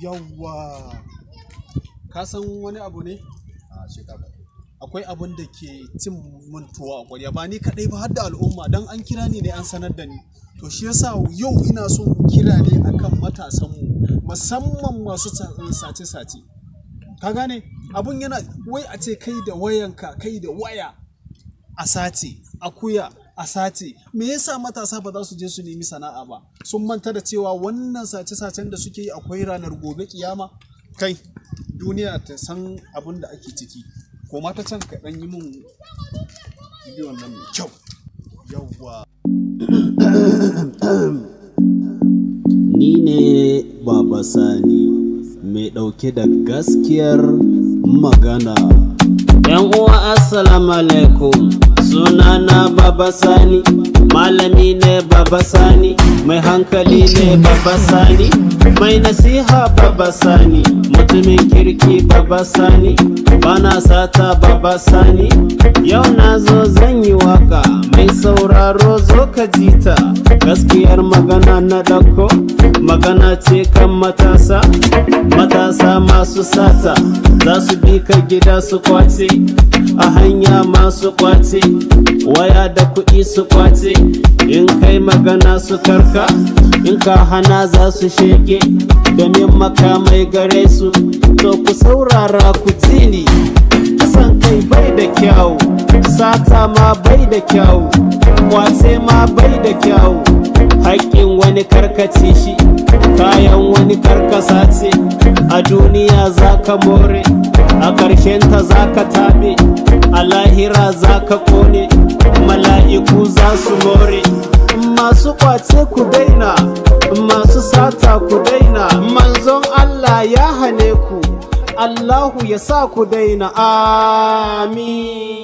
Yawwa. Ka san wani abu ne? Ah, Akwai abin da ke cin mantuwa a ƙwarya ba ni kaɗai ba har da al'umma don an kira ni ne an sanar da ni. To shi yasa yau ina son kira ne akan matasanmu musamman masu eh, sace-sace. Ka gane? Abun yana wai a ce kai da wayanka kai da waya a sace akuya a sace me yasa matasa ba za su je su nemi sana'a ba sun manta da cewa wannan sace-sacen da suke yi akwai ranar gobe kiyama kai duniya ta san abin da ake ciki ko ta can ka dan yi mun bidiyon nan mai kyau yawwa ni ne baba sani mai ɗauke da gaskiyar magana yan uwa assalamu alaikum suna baba sani malami ne baba sani mai hankali ne baba sani mai nasiha baba sani mutumin kirki baba sani bana sata baba sani ya sauraro zo ka ji ta gaskiyar magana na dako magana ce kan matasa matasa masu sata za su bi ka gida su kwace a hanya masu kwace waya da kuɗi su kwace in kai magana su karka in ka hana za su shege domin makamai gare su to ku saurara ku tini kisan kai bai da kyawu sata ma bai da kyau kwace ma bai da kyau haƙƙin wani karkace shi kayan wani karkasa ce a duniya za ka more a ƙarshenta za ka tabe a lahira za ka ƙone, mala'iku za su more masu kwace ku daina masu sata ku daina manzon allah ya hane ku Allahu ya sa ku daina amin.